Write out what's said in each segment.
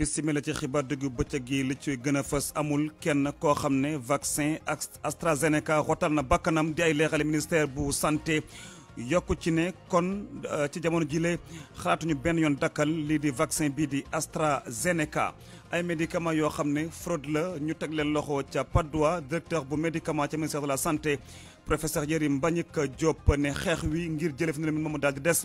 bisimila ci xibaar dëgg bëccëg yi li ci gën fas amul kenn koo xam ne vaccin ak AstraZeneca na bakkanam di ay leexale ministère bu santé yokku ci ne kon euh, ci jamono jile xalaatuñu benn yoon dakkal lii di vaccin bii di AstraZeneca ay médicament yoo xam ne fraude la ñu teg leen loxo ca Padoa directeur bu médicament ca ministère de la santé professeur Yérim Mbagnick Diop ne xeex wi ngir jëlee fi ne moom daal di des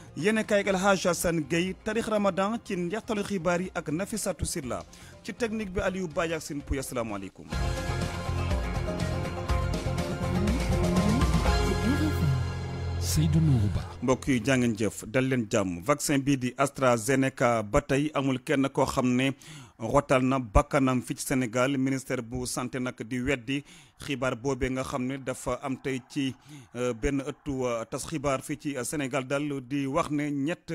yene kay El Hadj san gay tarikh Ramadan ci njeextalu xibaari ak nafisatu sirla ci technique bi Aliou Badji ak pou assalamu alaykum Seydou nouba mbokk yi jangane jëf dal len jam vaccin bi di AstraZeneca batay amul kenn ko xamne rotal na bakkanam fii ci Sénégal ministère bu santé nag di weddi xibaar boobee nga xam ne dafa am tey ci euh, benn ëttu euh, tas xibaar fii ci euh, Sénégal daal di wax ne ñett.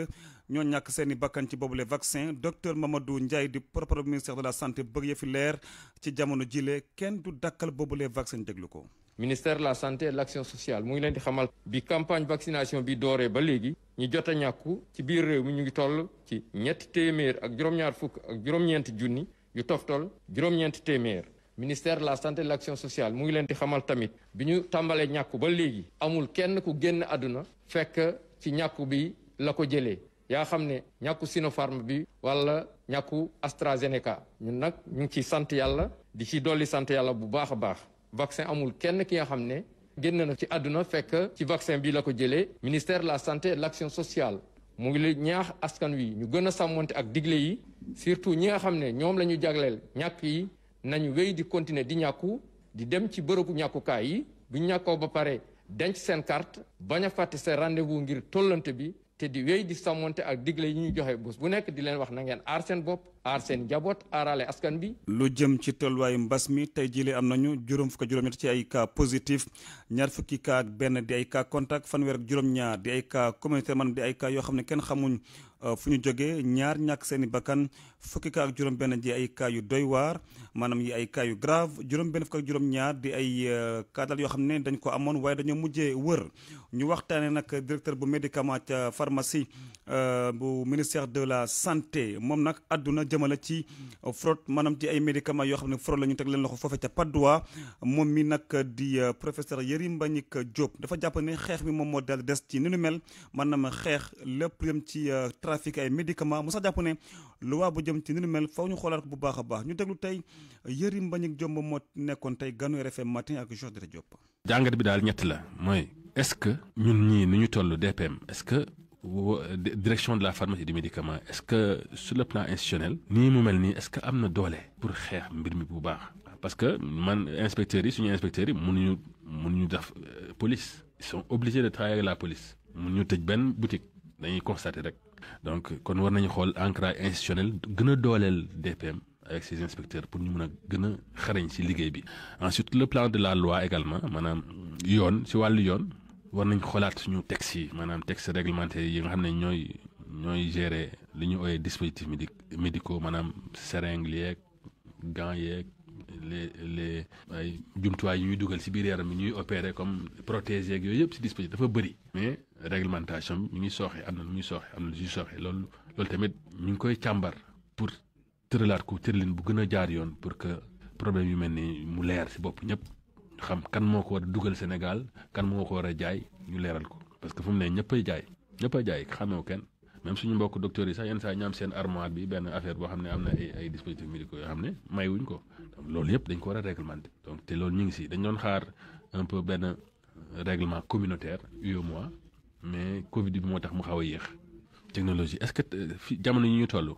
ñoo ñak seeni bakkan ci vaccin docteur Mamadou ndjay di propre ministère de la santé bëgg yëfi lèr ci jamono jilé kenn du dakkal boobule vaccin déglu ko. ministère de la santé et l'action sociale mu ngi leen di xamal bi campagne vaccination bi doré ba Nyaku. ñi jot ñakku ci biir réew mi ñu ngi toll ci témèr ak juroom ñaar fukk ak juroom ñeenti yu toftol juroom ñeenti témèr ministère de la santé et l'action sociale mu ngi leen di xamal tamit bi ñu tàmbalee ñàkku ba légui amul kenn ku génn aduna fekk ci ñakku bi la ko jëlé yaa xam ne ñàkku Sinopharm bi wala ñàkku AstraZeneca ñun nag ñu ngi ciy sant yàlla di ci dolli sant yàlla bu baax a baax vaccin amul kenn ki nga xam ne génn na ci àdduna fekk ci vaccin bi la ko jëlee ministère la santé et l'action sociale mu ngi lu ñaax askan wi ñu gën a sàmmonte ak digle yi surtout ñi nga xam ne ñoom la ñu jagleel ñàkk yi nañu wéy di continuer di ñàkku di dem ci bërëbu ñàkkukaay yi bu ñàkkoo ba pare denc seen carte bañ a fàtte seen rendez-vous ngir tollante bi te di wéy di sàmmonte ak digle yi ñuy joxe bés bu nekk di leen wax na ngeen aar seen bopp aar seen njaboot aarale askan bi. lu jëm ci tolluwaayu mbas mi tey jilee am nañu juróom fukk juróom-ñett ci ay cas positif ñaar fukki cas benn di ay cas contact fanweer juróom-ñaar di ay cas communautaire man di ay cas yoo xam ne kenn xamuñ euh, fu ñu jógee ñaar ñàkk seen i bakkan. fukki kaa ak juróom-benn ji ay cas yu doy waar maanaam yi ay cas yu grave juróom-benn fukk ak juróom-ñaar di ay cas euh, daal yoo xam ne dañ ko amoon waaye dañoo mujjee wër ñu waxtaanee nag directeur bu médicament ca pharmacie euh, bu ministère de la santé moom nag àdduna jëmale ci fraude maanaam ci ay médicament yoo xam ne fraude la ñu teg leen loxo foofe ca Padoa moom mi nag di euh, professeur Yérim Mbagnick Diop dafa jàpp ne xeex mi moom moo dal des ci ni nu mel ma xeex lépp yëm ci trafic ay médicament mu sax tamit ni mel faw ñu xoolaat ko bu baax a baax ñu déglu tey Yërim ak Diomb moo nekkoon tey ganu RFM matin ak Georges Dere Diop. jàngat bi daal ñett la mooy est-ce que ñun ñii ni ñu toll DPM est-ce que. direction de la pharmacie du médicament est-ce que sur le plan institutionnel nii mu mel nii est-ce que am na doole pour xeex mbir mi bu baax parce que man inspecteurs yi suñu inspecteurs yi mënuñu mënuñu def euh, police ils sont obligés de travailler avec la police mënuñu tëj benn boutique dañuy constater rek donc kon war nañ xol ancrage institutionnel gëna dolel DPM avec ses inspecteurs pour ñu mëna gëna xarañ ci liggéey bi ensuite le plan de la loi également manam yoon ci walu yoon war nañ xoolaat suñu texte yi maanaam texte réglementaire yi nga xamné ñoy ñoy gérer li ñu ooyee dispositifs médicaux manam seringue yeeg gants yeeg les les ay jumtuwaay yu ñuy dugal ci biir yaram ñuy opérer comme protéger ak yëpp ci dispositif dafa bëri mais réglementation mi ngi sooxe am na lu muy sooxe am na lu siy sooxe loolu loolu tamit ñu ngi koy càmbar pour tëralaat ko tëralin bu gën a jaar yoon pour que problème yu mel ni mu leer si bopp ñëpp xam kan moo ko war a dugal Sénégal kan moo ko war a jaay ñu leeral ko parce que fu mu ne ñëppay jaay ñëppay jaay xamewu kenn même suñu mbokk docteur yi sax yenn saa ñaam seen armoire bi benn affaire boo xam ne am na ay ay dispositifs médicaux yoo xam ne may wuñ ko donc loolu yëpp dañ ko war a réglementer donc te loolu ñu ngi si dañ doon xaar un peu benn règlement communautaire UEMOA mais Covid bi moo tax mu xaw a yéex. technologie est-ce que euh, fi jamono yi ñu toll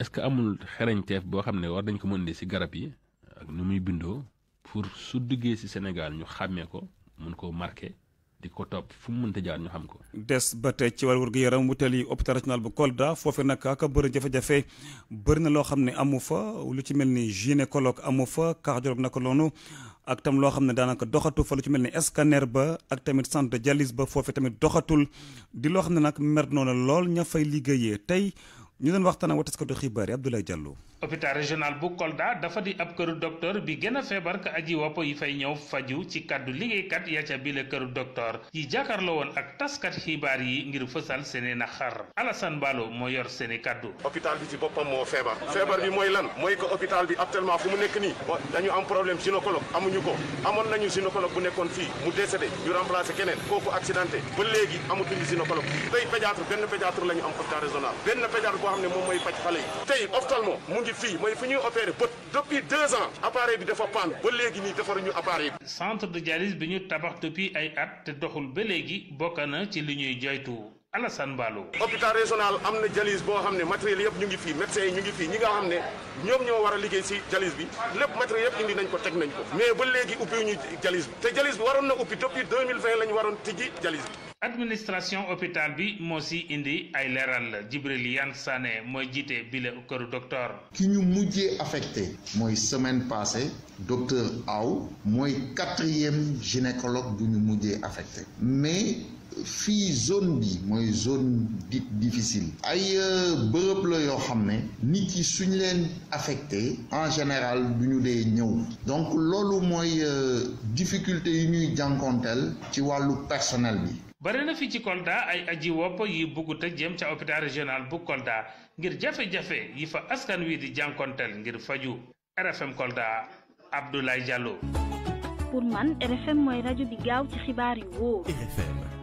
est-ce que amul xerañteef boo xam ne war nañ ko mën di si garab yi ak nu muy bindoo pour su duggee si Sénégal ñu xàmmee ko mun koo marqué. di ko topp fu mu mënta jaar ñu xam ko. des ba tey ci wàllu wérgu yaram wutal yi hôpital régional bu Kolda foofu nag ak bëri jafe-jafe bëri na loo xam ne amu fa lu ci mel ni gynécologue amu fa cardiologue naka loonu ak tam loo xam ne daanaka doxatul fa lu ci mel ni scanner ba ak tamit sant de dialyse ba foofu tamit doxatul di loo xam ne nag mer noonu lool ña fay liggéeyee tey ñu doon waxtaan a ak taskatu xibaar yi Abdoulaye Diallo hôpital régional bu Kolda dafa di ab këru docteur bi gën a feebar ka aji wopp yi fay ñëw faju ci kàddu liggéeykat ya ca bile këru docteur yi jàkkaarloo woon ak taskat xibaar yi ngir fësal seeni naxar Alassane Balo moo yor seeni kàddu hôpital bi ci boppam moo feebar feebar bi mooy lan mooy que hôpital bi actuellement fu mu nekk dañu am problème gynécologue amuñu ko amoon nañu gynécologue bu nekkoon fii mu décédé ñu remplacé keneen kooku accidenté ba léegi amatuñu gynécologue tey pédiatre benn pédiatre la am hôpital régional benn pédiatre boo xam depuis deux ans appareil bi centre de dialyse biñu tabax depuis ay at te doxul ba légui bokana Alassane Ballo. hôpital régional am na dialyse boo xam matériel yëpp ñu ngi fi médecins ñu ngi fi ñi nga xamné ñom ñoo wara liggéey ci dialyse bi lepp matériel yëpp indi nañ ko tek nañ ko mais ba légui uppi ñu dialyse té te dialyse bi waroon na ubbi depuis 2020 la waron tiji tijji dialyse administration hôpital bi moo si indi ay leeral Jibril Yan Sané mooy jiite bile këru docteur. ki ñu mujjé affecté moy semaine passée docteur Aw moy 4e gynécologue bu ñu mujjé affecté mais fi zone bi moy zone dit difficile ay euh, bërëb la yo xamné nit yi suñ leen affecté en général duñu dé dee ñëw donc lolu moy euh, difficulté yi ñuy jankontel ci walu personnel bi bari na fi ci Kolda ay aji wop yi bëggu ta jëm ci hôpital régional bu Kolda ngir jafé jafé yi fa askan wi di jankontel ngir faju RFM Kolda Abdoulaye Diallo. pour man RFM moy radio bi gaaw ci xibaar yu wóor. RFM.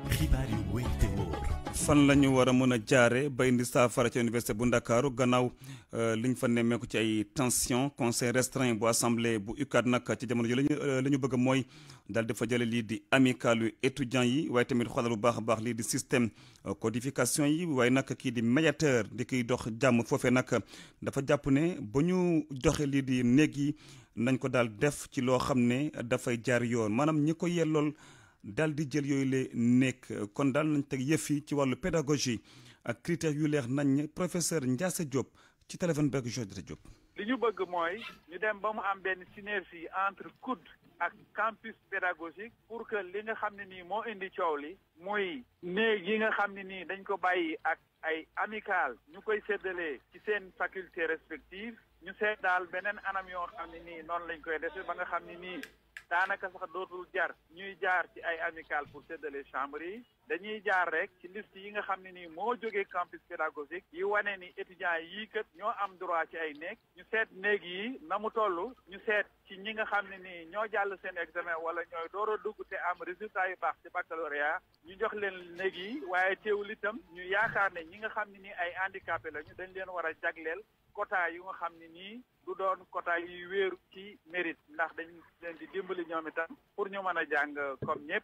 fan la ñu war a mën a jaare ba indi saafara ca université bu ndakaaru gannaaw euh, li ñu fa nemmeeku ci ay tension conseil restreint bu assemblée bu UCAD nag ci jamono ji lañu euh, la ñu bëgg mooy daal dafa jële lii di amicalu étudiants yi waaye tamit xoolal bu baax a baax lii di système euh, codification yi waaye nag kii di médiateur di kiy dox jàmm foofee nag dafa jàpp ne ba ñu joxe lii di néeg yi nañ ko daal def ci loo xam ne dafay jaar yoon maanaam ñi ko yellool dal di jël yooyu la nekk kon dal nañ teg yëf yi ci wàllu pédagogie ak critères yu leer nañ professeur Ndiasse Diop ci téléphone beeg Jodita Diop. li ñu bëgg mooy ñu dem ba mu am benn synergie entre COUD ak campus pédagogique pour que li nga xam ne nii moo indi coow li muy néeg yi nga xam ne nii dañ ko bàyyi ak ay amical ñu koy séddalee ci seen faculté respective ñu seet daal beneen anam yoo xam ne nii noonu lañ koy defee ba nga xam ne nii daanaka sax dootul jar ñuy jaar ci ay amical pour séddale chambre yi dañuy jaar rek ci liste yi nga xam ne nii moo jógee campus pédagogique yi wane ni étudiants yii kat ñoo am droit ci ay néeg ñu seet néeg yi na mu toll ñu seet ci ñi nga xam ne nii ñoo jàll seen examen wala ñooy door dugg te am résultat yu baax ci baccalauréat ñu jox leen néeg yi waaye teewul itam ñu yaakaar ne ñi nga xam ne ni ay handicapé lañu dañ leen war a jagleel quota yu nga xam ne nii du doon quota yuy wéeru ci mérite ndax dañ leen di dimbali ñoom itam pour ñu mën a jàng comme ñëpp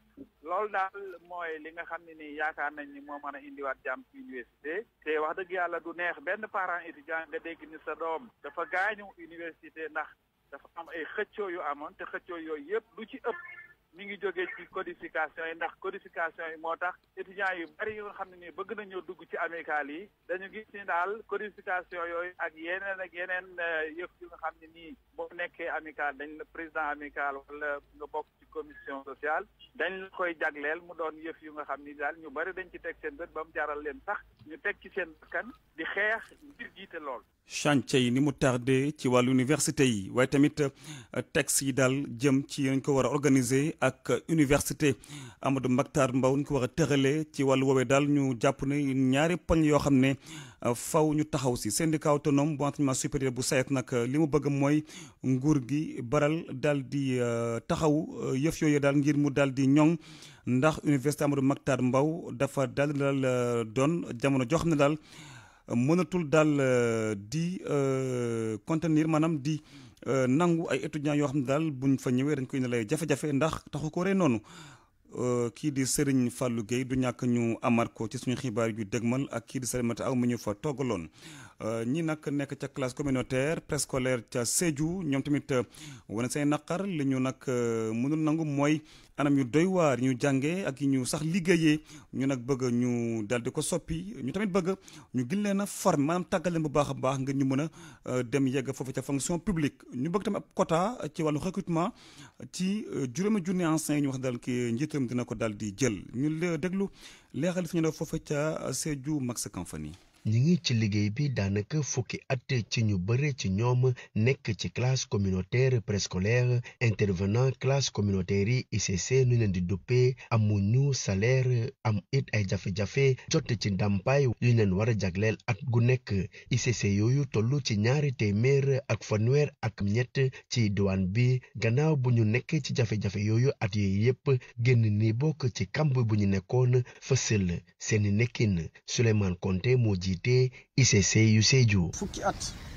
loolu daal mooy li nga xam ne nii yaakaar nañ ni moo mën a indiwaat jàmp ci université te wax dëgg yàlla du neex benn parent étudiant nga dégg ni sa doom dafa gaañu université ndax dafa am ay xëccoo yu amoon te xëccoo yooyu yëpp du ci ëpp mi ngi jóge ci codification yi ndax codification yi moo tax étudiants yu bari yoo xam ne nii bëgg nañoo dugg ci amicale yi dañu gis ni daal codification yooyu ak yeneen ak yeneen euh, yëf yu nga xam ne nii boo nekkee amicale dañ la président amicale wala nga bokk ci commission sociale dañ la koy jagleel mu doon yëf yu nga xam ni daal ñu bari dañ ci teg seen bët ba mu jaral leen sax ñu teg ci seen bakkan di xeex ngir jiite lool chantier yi ni mu tardé ci wàllu université yi waaye tamit euh, texte yi daal jëm ci ñu ko war a organiser ak université Amadou Makhtar Mbow ñu ko war a tëralee ci wàllu woowee daal ñu jàpp ne ñaari poñ yoo xam ne euh, faw ñu taxaw si seen di syndicat autonome bu enseignement supérieur bu SAES nag euh, li mu bëgg mooy nguur gi baral daal di taxaw yëf yooyu daal ngir mu daal di ñoŋ ndax université Amadou Makhtar mbaw dafa daal daal doon jamono joo xam ne daal. mënatul daal euh, di euh, contenir maanaam di euh, nangu ay étudiants yoo xam ne daal ñu fa ñëwee dañ koy na lay jafe-jafe ndax taxu ko ree noonu kii di Serigne Fallou Gueye du ñàkk ñu amar ko ci suñu xibaar yu dégmal ak kii di Salimata Aw mu ñu fa toggaloon Euh, ñi nag nekk ca classe communautaire préscolaire ca Sédhiou ñoom tamit euh, wane seen naqar li ñu nag euh, mënul nangu mooy anam yu doy waar ñu jàngee ak yi ñu sax liggéeyee ñu nag bëgg ñu dal di ko soppi ñu tamit bëgg ñu gën leen a former maanaam tàggal bu baax a baax ngir ñu mën a dem yegg foofu ca fonction publique ñu bëgg tamit ab quota ci wàllu recrutement ci juróomi junni enseignants yi ñu wax daal ki njiitam dina ko daal di jël ñu déglu leexal fi ñu ne foofu ca Sédhiou Max Kamfani ñi ngi ci liggéey bi daanaka fukki at ci ñu bare ci ñoom nekk ci classe communautaire préscolaire intervenant classe communautaire yi ICC nu leen di duppee amuñu salaire am it ay jafe-jafe jot ci ndàmpaay yu leen war a jagleel at gu nekk ICC yooyu toll ci ñaari téeméer ak fanweer ak ñett ci diwaan bi gannaaw bu ñu nekk ci jafe-jafe yooyu at yooyu yëpp génn ni bokk ci kamb bu ñu nekkoon fësal seeni nekkin Souleymane Konté moo ji dé ìṣẹ̀ṣe usage o. fún kí at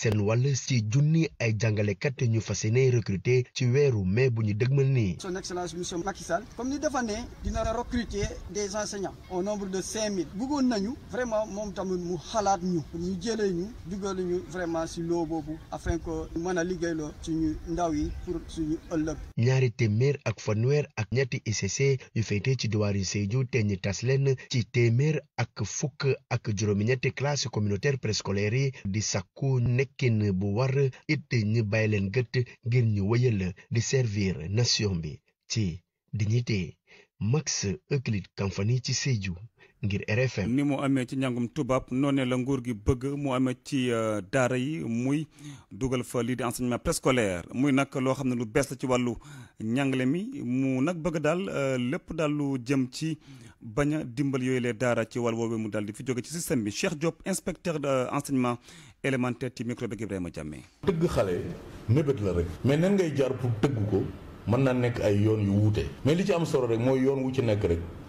seen wàll si junni ay jàngalekat ñu fas yéene recruter ci weeru mai bu ñu dëgmal nii. son excellence monsieur Macky Sall comme ni dafa ne dina recruter des enseignants au nombre de cinq mille bëggoon nañu vraiment moom tamit mu xalaat ñu ñu jëlee ñu dugal ñu vraiment si loo boobu afin que ñu mën a liggéeyloo suñu ndaw yi pour suñu ëllëg. ñaari téeméer ak fanweer ak ñetti ICC yu féetee ci diwaanu Sédhiou te ñi tas leen ci téeméer ak fukk ak juróomi ñetti classe communautaire préscolaire yi di sakku nekk. nekkin bu war it ñu bàyyi leen gët ngir ñu wëyal di servir nation bi ci dignité Max Euclide Kamfani ci Sédhiou ngir RFM. ni mu amee ci njàngum tubaab noonee la nguur gi bëgg mu amee ci euh, daara yi muy dugal fa lii di enseignement préscolaire muy nag loo xam ne lu bees la ci wàllu njàngale mi mu nag bëgg daal euh, lépp daal lu jëm ci bañ a dimbal yooyu lee daara ci wàll woowu mu daal di fi jóge ci système bi Cheikh Diop inspecteur d'enseignement euh, élémentaire ci micro bi Ibrahima Diamé. tëgg xale mébét la rek. mais nan ngay jaar pour tëgg ko mën naa nekk ay yoon yu wuute. mais li ci am solo rek mooy yoon wu ci nekk rek.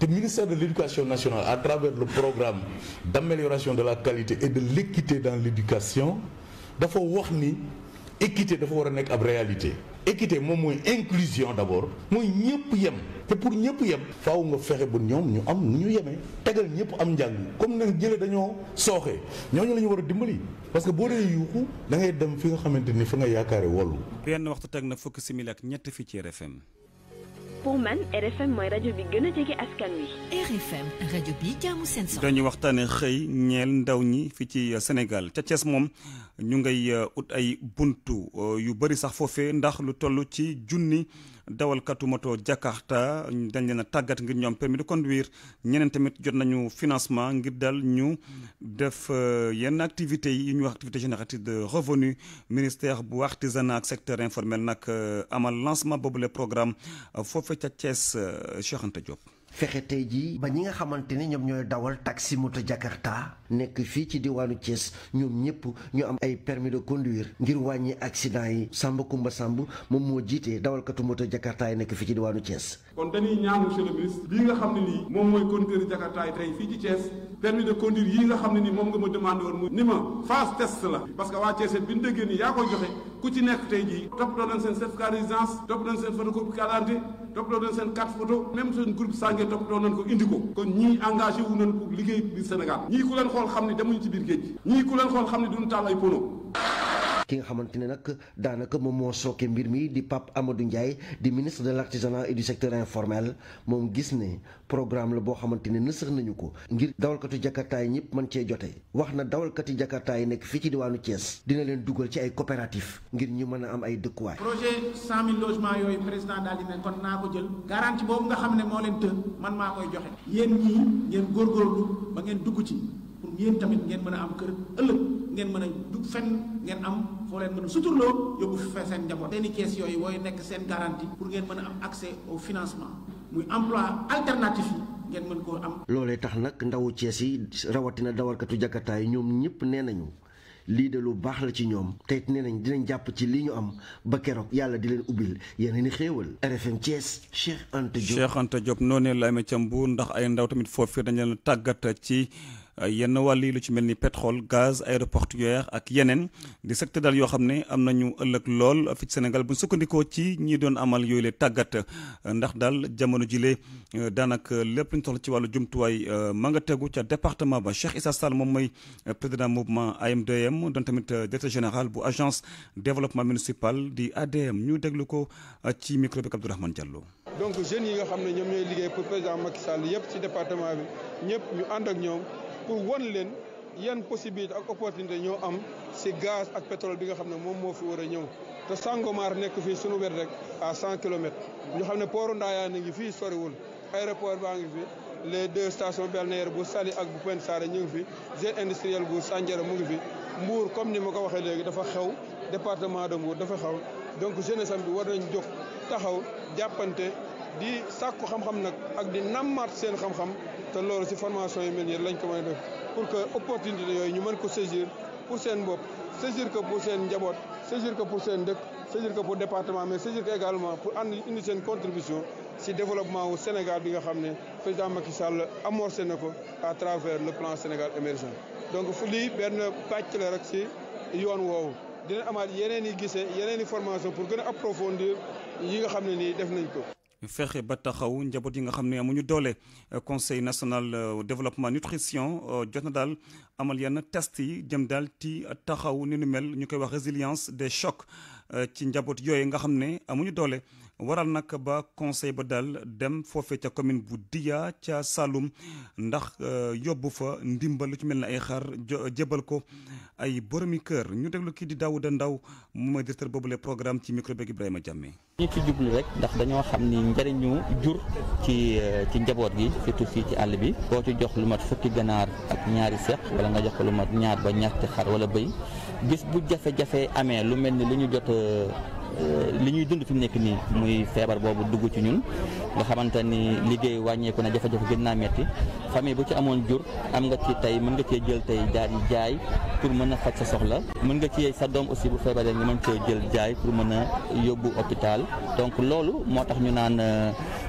Le ministère de l'éducation nationale à travers le programme d'amélioration de la qualité et de l'équité dans l'éducation dafa wax ni équité dafa war a la ab réalité équité moom mooy inclusion d'abord mooy ñëpp yem pour ñëpp yem faaw nga fexé bu ñom ñu am ñu yemee tegal ñëpp am njàng comme nag jëlee dañoo soxé ñooñu la ñu dimbali parce que bo dee yuuxu da ngay dem fi nga xamante fa nga yaakaare wollu benn waxtu teg na fukki simili ak ñett fi ci RFM pour man RFM rajo bi jaamu seen soxla. dañu waxtaanee xëy ñeel ndaw ñi fii ci Sénégal ca Thiès moom. ñu ngay euh, ut ay buntu euh, yu bëri sax foofee ndax lu toll ci junni dawalkatu moto Jakarta dañ leen a tàggat ngir ñoom permis de conduire ñeneen tamit jot nañu financement ngir dal ñu def euh, yenn activités yi ñu wax activité génératrice de revenu ministère bu artisanat ak secteur informel nag amal lancement boobule programme foofee ca Thiès Cheikh Anta Diop. fexe tey jii ba ñi nga xamante ni ñoom ñooy dawal taxi moto Jakarta. nekk fii ci diwaanu Thiès ñoom ñëpp ñu am ay permis de conduire ngir wàññi accident yi Samba Kumba Samb moom moo jiite dawalkatu moto Jakarta yi nekk fii ci diwaanu Thiès. kon dañuy ñaan monsieur le ministre lii nga xam ne nii moom nga xam ne nii moom nga ma demandé mu ni ma phase test la parce que waa Thiès bi ñu nii yaa koy joxe ku ci nekk tey jii toppatoo nañ seen seen photocopie calante toppatoo nañ seen seen groupe ko indi ko kon ñii engagé wu nañ pour liggéey bi Sénégal xool xam ne demuñu ci biir ki nga xamante ne nag daanaka moom moo sooke mbir mi di Pape Amadou Ndiaye di ministre de l' artisanat et du secteur informel moom gis ne programme la boo xamante ne nësëx nañu ko ngir dawalkatu jakarta yi ñëpp mën cee jote wax na dawalkati jakarta yi nekk fii ci diwaanu Thiès dina leen dugal ci ay coopérative ngir ñu mën a am ay dëkkuwaay. projet 100000 logements yooyu président daal di ne kon naa ko jël garantie boobu nga xam ne moo leen të man maa koy joxe pour yéen tamit ngeen mën a am kër ëllëg ngeen mën a jug fenn ngeen am foo leen mën a suturloo yóbbu fa seen njaboot seeni kees yooyu wooyu nekk seen garantie pour ngeen mën a am accès au financement muy emploi alternatif yi ngeen mën koo am loolee tax nag ndawu Cees yi rawatina dawalkatu jakataay yi ñoom ñëpp nee nañu lii de lu baax la ci ñoom te it nee nañ dinañ jàpp ci li ñu am ba keroog yàlla di leen ubbil yeneen i xéewal RFM Thiès Cheikh Anta Diop Cheikh Anta Diop noonu la amee ca Mbuur ay ndaw tamit foofu dañ leen tàggat ci Euh, yenn wàll yi lu ci mel ni pétrole gaz aéroportuaire ak yeneen di secteur dal yoo xam ne am nañu ëllëg lool fi ci Sénégal bu sukkandikoo ci ñi doon amal yooyu le tàggat euh, ndax dal jamono jile euh, daanaka lépp lu ñu soxla ci wàllu jumtuwaay ma nga tegu ca département ba Cheikh Issa Sall moom mooy président mouvement AMDM doon tamit directeur général bu agence développement municipal di ADM ñu déglu ko ci micro bi Abdourahmane Diallo. donc jeunes yi nga xam ne ñoom ñooy liggéey pour président Macky Sall yépp ci département bi ñëpp ñu ànd ak ñoom. pour won leen yan possibilité ak opportunité ñëw am si gaz ak pétrole bi nga xam ne moom moo fi war a ñëw te Sangomar nekk fii sunu wet rek à cent kilomètres ñu xam ne pooru Ndaayaan ngi fii soriwul aéroport baa ngi fi les deux stations balnéaires bu Saly ak bu Pointe Sarène ñu ngi fi zone industrielle bu Sandiara mu ngi fi Mbour comme ni ma ko waxee léegi dafa xew département de Mbour dafa xew donc jeunesse am bi war nañ jóg taxaw jàppante di sakku xam-xam nag ak di namat seen xam-xam te loolu ci formation yu mel nii lañ ko may def pour que opportunité yooyu ñu mën ko saisir pour seen bopp saisir que pour seen njaboot saisir que pour seen dëkk saisir que pour département mais saisir également pour andi indi seen contribution ci développement wu Sénégal bi nga xam ne président Macky Sall amorcé na ko à travers le plan Sénégal émergent donc fu lii benn pàcc la rek ci yoon woowu dina amaat yeneen i gisee yeneen i formation pour gën a approfondir yi nga xam ne nii def nañ ko fexe ba taxaw njaboot yi nga xam ne amuñu doole conseil national euh, développement nutrition euh, jot na daal amal yenn test yi jëm daal ci taxaw ni nu mel ñu koy wax résilience des chocs euh, ci njaboot yooyu nga xam ne amuñu doole waral nag ba conseil ba daal dem foofe ca commune bu Diya ca Saloum ndax euh, yóbbu fa ndimbal lu ci mel ne ay xar jébal ko ay boromi kër ñu deglu kii di Daouda Ndaw moom mooy directeur boobule programme ci micro beeg Ibrahima Diamé. ñu ci jublu rek ndax dañoo xam ni njariñu jur ci euh, ci njaboot gi tu fii ci àll bi boo ci jox lu mat fukki ganaar ak ñaari seq wala nga jox ko lu mat ñaar ba ñetti xar wala bëy bis bu jafe-jafe amee lu mel ni li jot euh, Euh, li ñuy dund fi nekk nii muy feebar boobu dugg ci ñun nga xamante ni liggéey wàññeeku na jafe-jafe gën naa metti famille bu ci amoon jur am nga ci tey mën nga cee jël tey daal di jaay pour mën a faj sa soxla mën nga ci yee sa doom aussi bu feebaree nga mën cee jël jaay pour mën a yóbbu hôpital donc loolu moo tax ñu naan euh,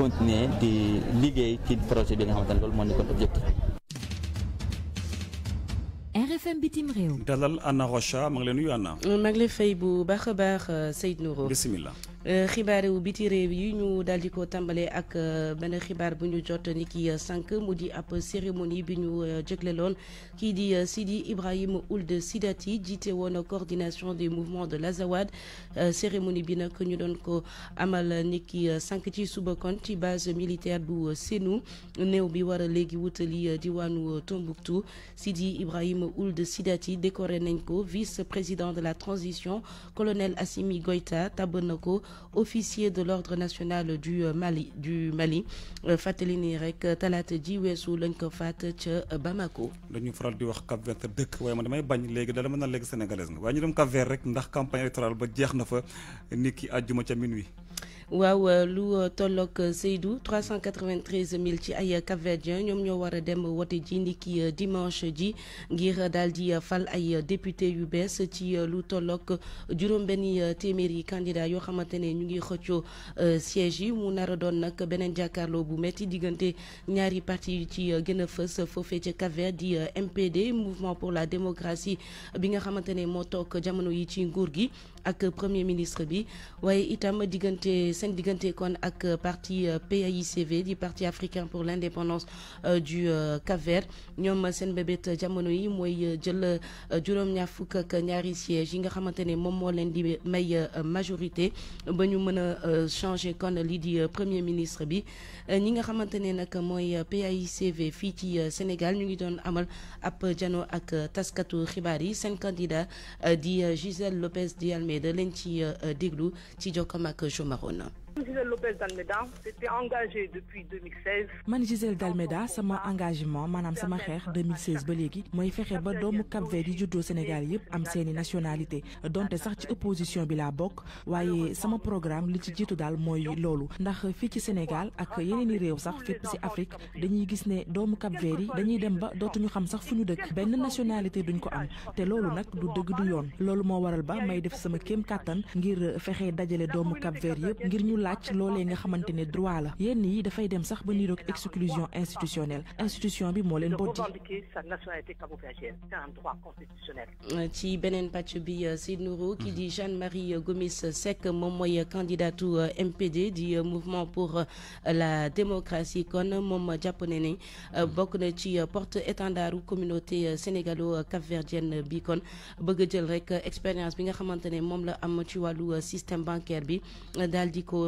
continuer di liggéey ci projet bi nga xamante ne loolu moo nekkoon objectif. RFM bitim réew. dalal Anna Rocha maa ngi lay nuyu fay bu baax a baax euh, Seydou Nourou. bisimilah. xibaaru biti réew yi ak euh, benn jot ni euh, cérémonie bi ñu euh, Sidi Ibrahim Ould Sidati coordination des mouvement de l'Azawad cérémonie bi amal ni base militaire bu Senou néew bi Tombouctou Sidi Ibrahim Ould Sidati décoré nañ vice-président de la transition colonel Assimi Goïta Tabonoko officier de l'ordre national du euh, Mali du Mali euh, fàttali rek talaata ji weesu lañ ko faat ca Bamako. dañuy faral di wax Cap Vert deuk waaye man damay bañ léegi dala mën na sénégalaise nga waaye dem Cap Vert rek ndax campagne électorale ba jeex na fa niki aljuma àjjuma ca minuit waaw euh, lu euh, tolloog euh, Seydou 393 000 ci ay Cap-Verdiens ñoo war a dem wote ji ni dimanche ji ngir daal di fal ay député yu bees ci lu tolloog juróom-benni yi candidat yoo xamante ne ñu ngi xëccu siège yi mu nar a doon nag beneen jàkkaarloo bu metti diggante ñaari parti ci gën a fës foofee ca cap di MPD mouvement pour la démocratie bi nga xamante ne moo toog jamono yi ci nguur gi ak premier ministre bi waye itam diganté sen diganté kon ak parti euh, PAICV di parti africain pour l'indépendance euh, du euh, Cap-Vert ñoom seen bébét jamono yi moy jël juróom-ñaar fukk ak ñaari siège yi nga xamante ne moom moo leen di may majorité ba ñu mëna changer kon li di premier ministre bi ñi nga xamante ne nag mooy PAICV fii ci euh, Sénégal ñu ngi doon amal ab jano ak euh, taskatu xibaar yi seen candidat euh, di Gisèle Lopez di Almeida leen ci déglu ci jokkam ak Jomarone Gisèle Lopez d'Almeida s'était engagée depuis 2016. man Gisèle d'Almeida sama engagement manam sama xex 2016 ba léegi moy fexé ba doomu Cap Vert yi juddoo Sénégal yépp am nationalité donte sax ci opposition bi la bok, wayé sama programme li ci jitu dal moy lolu. ndax fi ci Sénégal ak yeneeni i réew sax ci Afrique dañuy gis né doomu Cap Vert yi dañuy dem ba xam sax fuñu dëkk benn nationalité duñ ko am té lolu nak du dëgg du yoon Lolu mo waral ba may def sama kéem katan ngir fexé dajalé doomu Cap Vert yépp ngir ñu laaj loolee nga xamante ne droit la yenn yi dafay dem sax ba niroog exclusion institutionnelle institution bi moo leen boddi euh, ci beneen pàcc bi euh, Seyd Nourou mhm. ki di Jeanne-Marie euh, Gomis Seck moom mooy candidatu MPD di mouvement pour la démocratie kon moom jàpp ne ni mhm. bokk na ci porte étendardu communauté sénégalo cap verdienne bi kon bëgg jël rek expérience bi nga xamante ne moom la am ci wàllu système bancaire bi daal di ko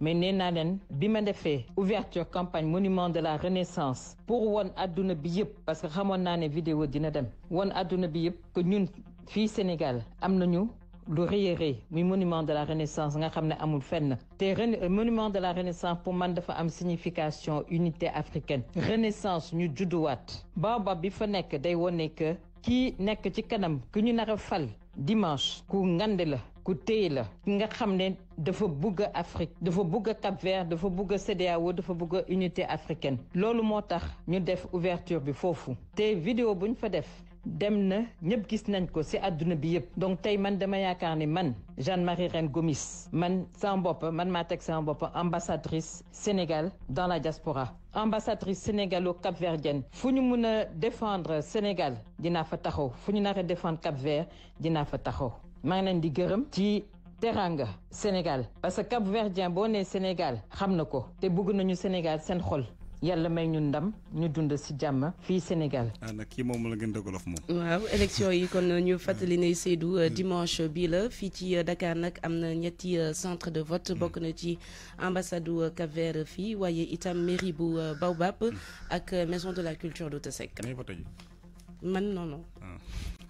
mais Nalen naa leen ouverture campagne monument de la renaissance pour won aduna bi yeb parce que xamoon naa vidéo dina dem won aduna bi yeb que ñun fi Sénégal am nañu lu rëy monument de la renaissance nga xamné amul fenn té monument de la renaissance pour man dafa am signification unité africaine renaissance ñu judduwaat Baba bi fa nek day woné que ki nek ci kanam ku ñu nar fal dimanche ku ngandé la ku téye la ki nga xam ne dafa bugg Afrique dafa bugg Cap Vert dafa bugg a dafa bugg unité africaine loolu moo tax ñu def ouverture bi foofu te vidéo buñ fa def dem na ñëpp gis nañ ko ci àdduna bi yëpp donc tey man dama yaakaar ni man Jeanne Marie Reine Gomis man sama bopp man maa teg sama bopp ambassadrice Sénégal dans la diaspora ambassadrice sénégalo cap fu ñu mun a défendre Sénégal dinaa fa taxaw fu ñu nar a défendre Cap Vert dinaa fa taxaw maa ngi leen Sénégal parce que Cap Verdien boo Sénégal xam ko Sénégal seen xol yàlla may ñu ndam ñu Sénégal. Ana ah la élection yi euh, dimanche bii la ci euh, Dakar euh, centre de vote mm. bokk na ci ambassade itam mairie Baobab mm. ak maison de la culture man non non. Ah.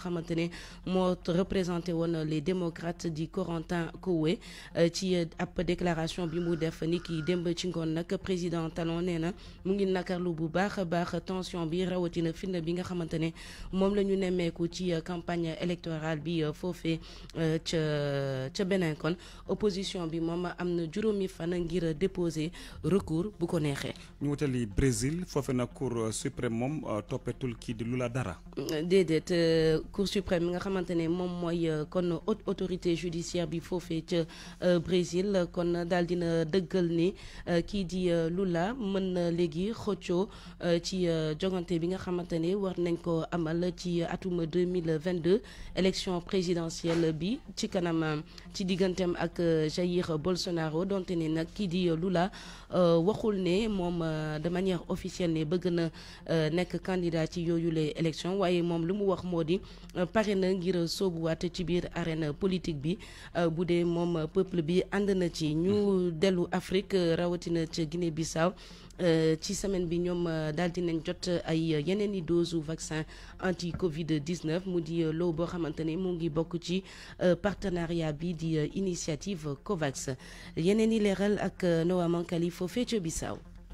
xamante mot moo représenté les démocrates di Corentin Koué, euh, ci euh, après déclaration bi mu def ni ki ci président Talon nee na mu ngi nakarlu bu baax baax tension bi rawatina firnde bi nga xamante ne moom la ci euh, campagne électorale bi Fofé, ca ca kon opposition bi amne am na déposé ngir déposer recours bu ko neexee. ñu wutali Brésil Fofé na cour suprême moom toppetul de di Lula dara. Dédette cour suprême nga xamante mom moy euh, kon haute autorité judiciaire bi fofé ci euh, Brésil kon dal dina dëggal ni euh, ki di Lula mën na léegi xocco ci jogante bi nga war nañ ko amal ci atum 2022 élection présidentielle bi ci kanam ci digantem ak Jair Bolsonaro donté ne nak ki di Lula waxul né mom de manière officielle ne bëgg na candidat ci yoyulé les élections mom lu mu wax modi euh, Par na ngir wat ci bir politique bi euh, bu peuple bi na ci ñu Afrique euh, rawatina Guinée Bissau ci semaine bi ñom jot vaccin anti Covid 19 mu di loo mungi bokuti partenariat bi di initiative COVAX Yeneni ak Noa Mankali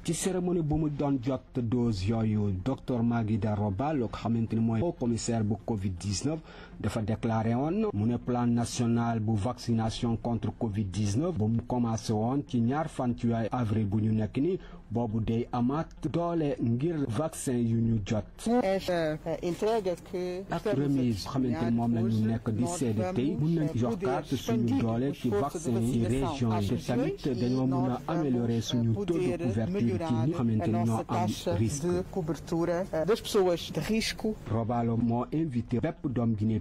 ci cérémonie bu mu doon jot dose yooyu docteur Maguida Robal loo xamante ni mooy haut commissaire bu Covid dafa déclaré woon mu ne plan national bu vaccination contre Covid 19 bu mu commencé woon ci ñaar fan ci ay avril bu ñu nekk ni bobu day amat doole ngir vaccin yu ñu jot. ak remise xamante moom la ñu nekk di seede tey mun nañ carte suñu doole ci vaccin yi région yi te tamit dañoo mun a améliorer suñu taux de couverture ci ñu xamante ñoo am risque. Robalo moo invité bépp doom ne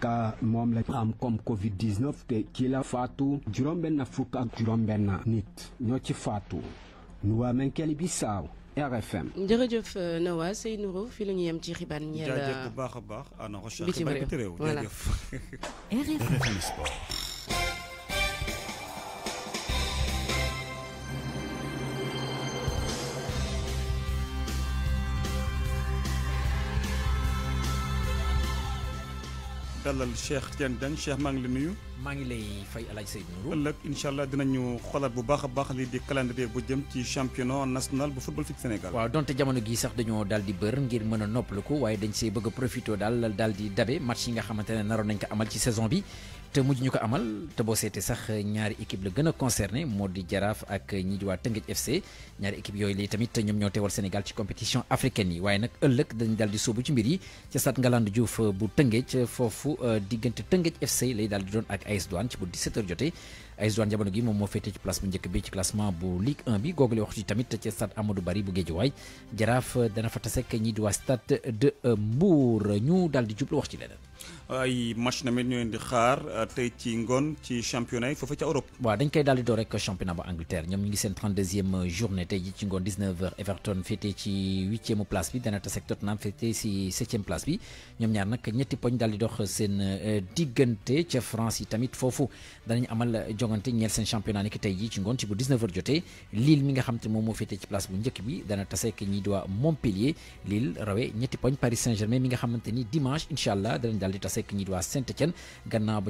ka mom la am comme Covid 19 te ki la faatu juróom-benn fukk ak juróom-benn nit ñoo ci faatu nu waa Menkeli Bissau RFM. jërëjëf euh, Noa Seydou Nourou fii lu ñu yem ci xibaar ñeel. jaajëf bu baax ana baax. Ah bitim réew rew jërëjëf. RFM Sport. dalal Cheikh Tidiane Diagne Cheikh maa ngi la nuyu. maa ngi lay fay El Hadj Seydou Nourou. ëllëg incha allah dinañu xoolaat bu baax a baax lii di calendrier bu jëm ci championnat national bu football fii Sénégal. waaw donte jamono gi sax dañoo dal di bër ngir mën a noppaliku waaye dañ see bëgg a profité daal daal di dabe match yi nga xamante ne naroon nañ ko amal ci saison bi te mujj ñu ko amal te boo seetee sax ñaari équipe la gën a concerné moo di jaraaf ak ñi di waa Tëngéej FC ñaari équipe yooyu lii tamit ñoom ñoo te teewal Sénégal ci compétition africaine yi waaye nag ëllëg dañu daal di sóobu ci mbir yi ci stade Ngalandou Diouf bu Tëngéej foofu euh, diggante Tëngéej FC lay daal di doon ak AS Douanes ci bu 17h jotee AS Douanes jamono gi moom moo féetee ci place bu njëkk bi ci classement bu Ligue 1 bi googule waxtu ci tamit ci stade Amadou Barry bu Guédiawaye jaraaf euh, dana fa taseek ñi di waa stade de euh, Mbour ñu daal di jublu wax ci leneen ay match tamit ñu leen di xaar euh, tay ci ngone ci championnat fofu ci Europe. wa dañ koy daal di door rek championnat ba Angleterre ñom ñu ngi seen 32e journée tay ci ngone 19h Everton fété ci 8e place bi dana tassek Tottenham fété ci 7e place bi ñom ñaar nak ñetti poñ daal di dox seen euh, diggante ci France yi tamit foofu danañ amal jongante ñeel seen championnat ni tay ji ci ngone ci bu 19h jotee Lille mi nga xam mom mo fété ci place bu ñëk bi dana tassek ñi di Montpellier Lille rawee ñetti poñ Paris Saint-Germain mi nga xamante ni dimanche inshallah allah danañ daal di taseek ñi di waa Saint-Etienne gannaaw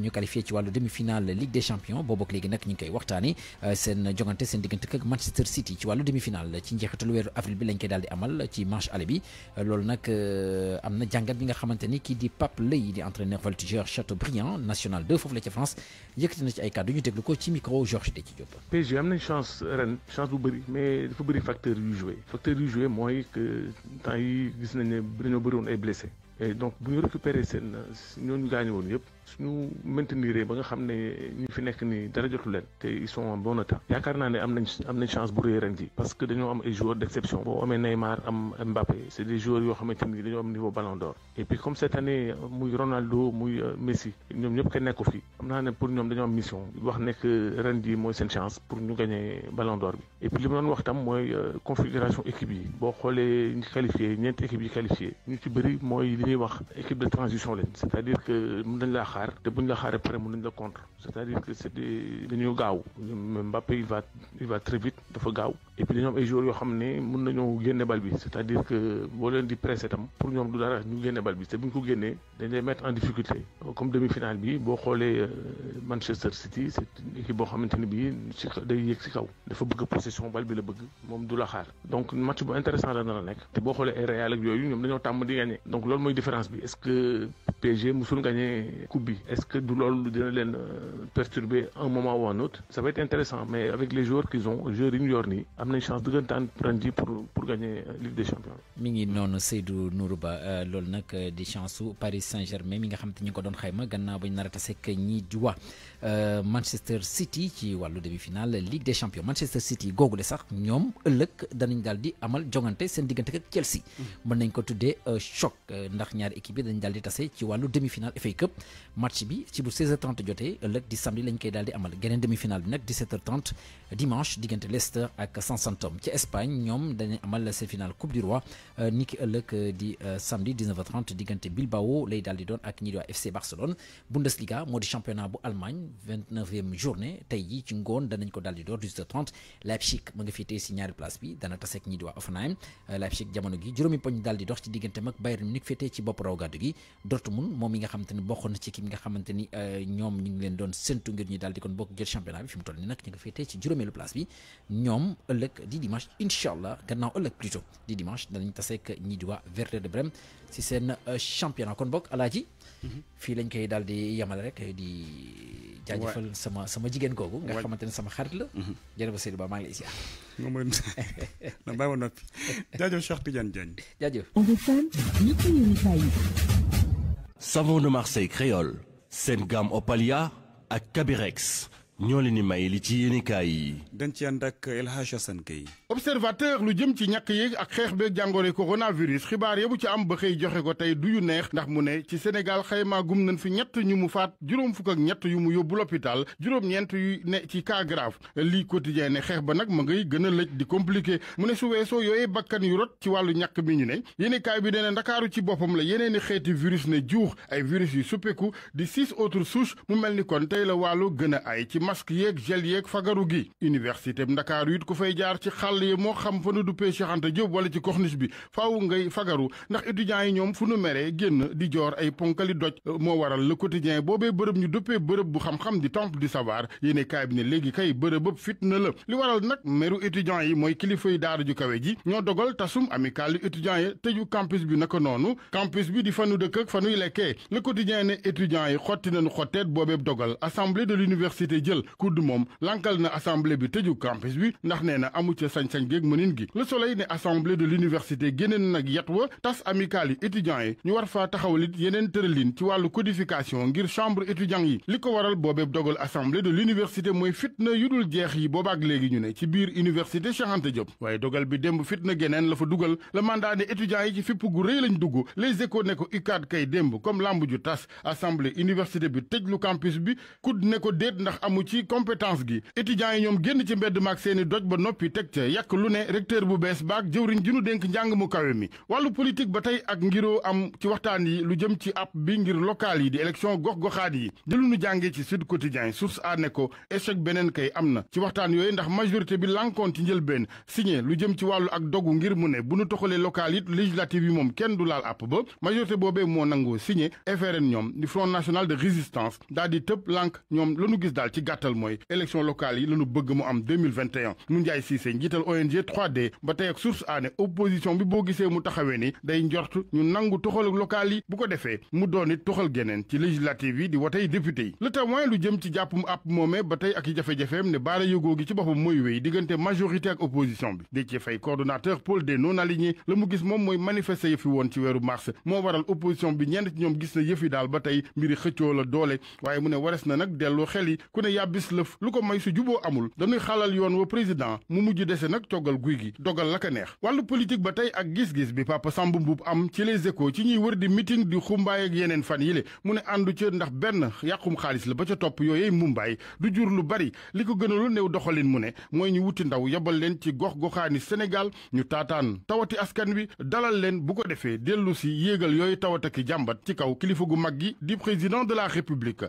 ci walu demi-finale Ligue des champions bobok ak nak ñing ñu ngi koy waxtaani euh, sen jongante seen diggante ak Manchester City ci walu demi-finale ci njeexitalu weeru avril bi lañ koy daldi amal ci match aller bi euh, lool nak euh, amna na bi nga xamanteni ki di Pape Lay di entraîneur voltigeur Châteaubriand national 2 foofu la France yëkëti na ci ay cadeau ñu déglu ko ci micro Georges Déthié Diop. PSG am nañ chance ren chance bu bari mais dafa bari facteur yu jouer facteur yu jouer mooy que tant yi gis nañ ne dañoo bëri woon ay blessés et donc bu ñu récupéré seen na ñooñu gaañu woon yëpp suñu maintenir ba nga xam ne ñi fi nekk ni dara jotu leen te ils sont en bon état yaakaar naa ne am nañ am nañ chance bu rëy ren ji parce que dañoo am ay joueurs d'exception boo amee Neymar am Mbappé c'est des joueurs yoo xamante ni dañoo am niveau Ballon d'Or et puis comme cette année muy Ronaldo muy euh, Messi ñoom ñëpp kay nekku fi am naa ne pour ñoom dañoo am mission wax nekk ren ji mooy seen chance pour ñu gagner Ballon d'Or bi et puis li ma doon wax tam mooy euh, configuration équipe yi boo xoolee ñi qualifié ñeenti équipe yi qualifié ñu ci bëri mooy li ñuy wax équipe de transition leen c'est-à-dire que mën nañ laa xaar te buñ la xaaree pare mën la contre c'est-à-dire que c'est des dañoo gaaw Mbappé il va il va très vite dafa gaaw et puis les am ay joueurs yoo xam ne mën nañoo génne bal bi c'est-à-dire que boo leen di pressé tam pour ñoom du dara ñu génne bal bi te buñ ko génnee dañ lay mettre en difficulté comme demi-finale bi boo xoolee euh, Manchester City c'est une équipe boo xamante ne bii ci day yéeg ci kaw dafa bëgg possession bal bi la bëgg moom du la xaar donc match bu intéressant la na la nekk te boo xoolee ay Real ak yooyu ñoom dañoo tàmm di gagner donc loolu mooy différence bi est-ce que PSG musul gagné coupe est-ce que du loolu dina euh, perturber un moment ou un autre ça va être intéressant mais avec les joueurs qu'ils ont je yi Amener yor chance de ren pour pour gagner euh, Ligue des Champions. mi non c'est Seydou Nourou Ba euh, loolu des di chance Paris Saint-Germain mi nga xam te ñu ko doon xayma gannaaw ba ñu nar ñi Manchester City ci le demi-finale Ligue des Champions Manchester City gogo de sax Nyom ëllëg danañ daal di amal jongante seen diggante ak Chelsea. Mm. mën nañ ko tuddee choc ndax équipe yi dañ daal di ci wàllu demi-finale FA Cup match bi ci bu 16h30 jotee ëllëg di samedi lañ koy daldi amal geneen demi-finale bi nak 17h30 dimanche diggante Leicester ak Southampton ci Espagne nom dañuy amal semi finale Coupe du Roi euh, niki ki ëllëg euh, di euh, samedi 19h30 diggante Bilbao lay daldi di doon ak ñi FC Barcelone Bundesliga modi championnat bu Allemagne 29e journée tay jii ci ngoon danañ ko daldi 18h30 Leipzig mo ngi fiy tey si ñaari place bi dana tase ñi Leipzig jamono gi juroomi poñ daal di dox ci mak Bayern Munich fété ci bop gi Dortmund Mamoun moom mi nga xamante ni bokkoon na ci ki nga xamante ni euh, ñoom ñu ngi leen doon séntu ngir ñu daal di kon bokk jël championnat bi fi toll ni nag ñu ngi féetee ci juróomeelu place bi ñoom euh, kon bokk alaaji mhm. fii lañ koy daal di rek di jaajëfal sama sama jigéen kooku nga xamante sama xarit la mhm. jërëjëf Seydou Ba maa ngi lay siyaar moom mooy na bàyyi ma noppi jaajëf Cheikh Tidiane savon de Marseille créole Sengam Opalia à Cabirex. ñoo leen di may li ci yéenekaay yi. dañ ci ànd ak El Hadj Assane Gueye. observateur lu jëm ci ñàkk yeeg ak xeex beeg jàngoro coronavirus xibaar yebu ci am ba xëy joxe ko tey du yu neex ndax mu ne ci Sénégal xaymaa gum nañ fi ñett ñu mu faat juróom fukk ak ñett yu mu yóbbu loppitaal juróom-ñeent yu ne ci cas grave lii quotidien ne xeex ba nag ma ngay gën a lëj di compliqué mu ne su soo yooyu bakkan yu ci wàllu ñàkk bi ñu ne yéenekaay bi nee na ndakaaru ci boppam la yeneen i xeeti virus ne juux ay virus yu suppeku di six autres mu mel ni kon tey la wàllu gën ay masque yek gel yek fagaru gi université bi ndakaaru it fay jaar ci xal yi mo xam fa nu duppee Cheikh wala ci corniche bi faaw ngay fagaru ndax étudiant yi ñom fu nu meree di jor ay ponkali doj mo waral le quotidien Bobe bërëb ñu duppee bërëb bu xam-xam di temple du savoir Yene kay bi ne léegi kay bërëbëb fitna la li waral Nak meru étudiant yi moy kilifa yi ju kawé ji ño dogal tasum amical étudiant, yi teju campus bi naka campus bi di Fanou de ak fanuy lekkee le quotidien ne étudiant yi xotti nañu dogal assemblée de l'université jël kudd lankal na assemblée bi teju campus bi ndax nee amu ci sañ-sañ géeg mënin gi le soleil ne assemblée de l'université géneen nak tas amical étudiant. étudiants yi ñu war faa taxawalit yenen tëralin ci walu codification ngir chambre étudiant yi liko waral dogal assemblée de l'université moy fitna yudul jeex yi boobaak léegi ñu ne ci biir université Chante Anta Diop dogal bi demb fitna geneen la fa duggal le mandat ne étudiants yi ci fipp gu reey lañ duggu les échos né ko UCAD kay demb comme lamb ju tas assemblée université bi tejlu campus bi kud né ko déet ndax amu ci compétence gi étudiants yi ñoom génn ci mbedd maag seeni doj ba noppi teg ca yàq lu ne recteur bu bees baag jëwriñ ji nu dénk njàng mu kawe mi wàllu politique ba tey ak ngiroo am ci waxtaan yi lu jëm ci app bi ngir local yi di élection gox-goxaat yi di lu nu jàngee ci Sud Quotidien source a ne ko échec beneen kay am na ci waxtaan yooyu ndax majorité bi lànkoon ci njëlbeen ñe lu jëm ci wàllu ak dogu ngir mu ne bu nu toxalee local it législative yi moom kenn du laal app ba majorité boobee moo nangoo signé FRN ñoom di Front National de Résistance daal di tëb lànk ñoom lanu gis daal ci gàttal mooy élection locale yi lañu bëgg mu am 2021 nu Njaay Siise njiital ONG 3D ba tey ak source aane opposition bi boo gisee mu taxawee ni day njort ñu nangu toxal locale yi bu ko defee mu doon it toxal geneen ci législative yi di watay député yi le témoin lu jëm ci jàppum àpp moomee ba tey ak jafe-jafeem ne baara yógoo gi ci boppam mooy wéy diggante majorité ak opposition bi Déthié fay coordonnateur pôle des non alignés le mu gis moom mooy manifester yëfi woon ci weeru mars moo waral opposition bi ñenn ci ñoom gis na yëfi daal ba mbiri xëccoo la doole waaye mu ne wares na nag dellu xel ku ne yàbbis lëf lu ko may su juboo amul dañuy xalal yoon wa président mu mujj dese nag toggal guy gi dogal la ko neex wàllu politique ba tey ak gis-gis bi Papa Samb Mboup am ci les échos ci ñuy wër di meeting di xumbaay yeneen fan yi yile mu ne àndu ca ndax benn yàqum xaalis la ba ca topp yooyey mumbaay du jur lu bari li ko gënalu new doxalin mu ne mooy ñu wuti ndaw yabal leen ci gox goxaani Sénégal ñu taataan tawati askan wi dalal leen bu ko defee dellu si yéegal yooyu tawataki jàmbat ci kaw kilifa gu mag gi di de la république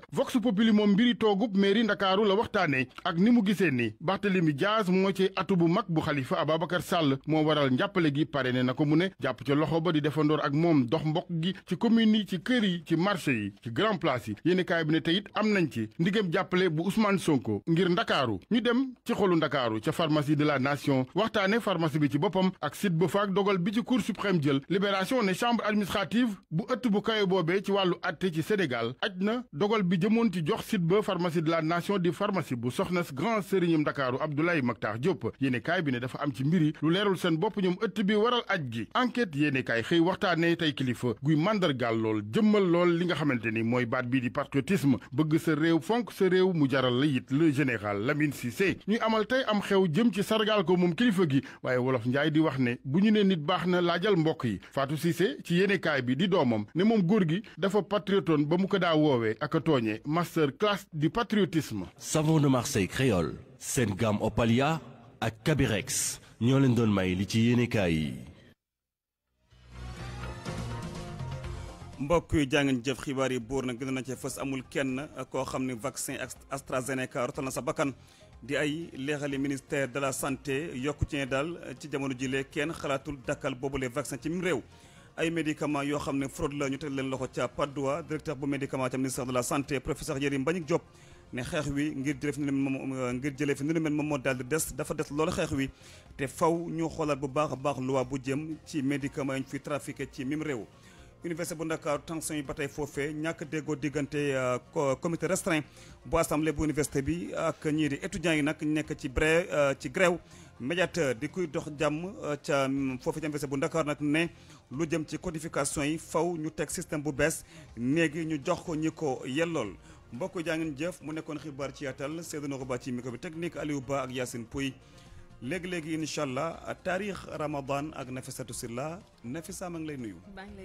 ndakaaru la waxtaane ak ni mu gisee ni Barthélemy Dias moo ci atu bu mag bu Khalifa Ababacar Sall moo waral njàppale gi parrainé na ko mu ne jàpp ca loxo ba di defandoor ak moom dox mbokk gi ci commune yi ci kër yi ci marché yi ci grand place yi yéeni bi ne teyit am nañ ci ndigam jàppale bu Ousmane Sonko ngir ndakaaru ñu dem ci xolu ndakaaru ca pharmacie de la nation waxtaane pharmacie bi ci boppam ak site ba faak dogal bi ci cour suprême jël libération ne chambre administrative bu ëtt bu kayo boobee ci wàllu atte la nation association di pharmacie bu soxnas grand sëriñum ndakaaru Abdoulaye Mactar Diop yéene kaay bi ne dafa am ci mbiri lu leerul seen bopp ñoom ëtt bi waral aj gi enquête yéene kaay xëy waxtaane tey kilifa guy màndargaal lool jëmmal lool li nga xamante ni mooy baat bi di patriotisme bëgg sa réew fonk sa réew mu jaral la it le général Lamine Cissé ñuy amal tey am xew jëm ci sargaal ko moom kilifa gi waaye wolof njaay di wax ne bu ñu ne nit baax na laajal mbokk yi Fatou Cissé ci yéene kaay bi di doomam ne moom góor gi dafa ba mu ko daa woowee a savon de Marseille créole seen gamme Opalia ak Kabirex ñoo leen doon may li ci yéenekaay yi. mbokk yi jàngeen jëf xibaar yi buur na gën na ci fës amul kenn koo xam ne vaccin AstraZeneca rotal na sa bakkan di ay leexali ministère de la santé yokku ci ne daal ci jamono jile kenn xalaatul dakkal boobule vaccin ci mim réew. ay médicament yoo xam ne fraude la ñu teg leen loxo ca Padoa directeur bu médicament ca ministère de la santé professeur yerim Mbagnick Diop. ne xeex wi ngir jëlee fi ne moom euh, ngir jëlee fi ne mel moom moo daal des dafa des lool xeex wi te faw ñu xoolaat bu baax a baax loi bu jëm ci médicament yi ñu fi trafiqué ci mim réew. université bu Ndakaaru tension yi ba tey foofee ñàkk déggoo diggante euh, comité restreint bu assemblée bu université bi ak ñii di étudiants yi nag nekk ci bré euh, ci grève médiateur di kuy dox jàmm ca mm, foofu ci université bu Ndakaaru nag ne lu jëm ci codification yi faw ñu teg système bu bees néegi ñu jox ko ñi ko yellool mbokk jàngeen jëf mu nekkoon xibaar ci yaatal Seydina Rouba ci micro bi technique Aliou Ba ak Yacine Pouy léegi-léegi incha allah taarix Ramadan ak Nafissatou Sylla Nafissa ma ngi lay nuyu